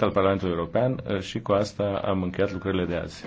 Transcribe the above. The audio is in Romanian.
al Parlamentului European și cu asta am încheiat lucrările de azi.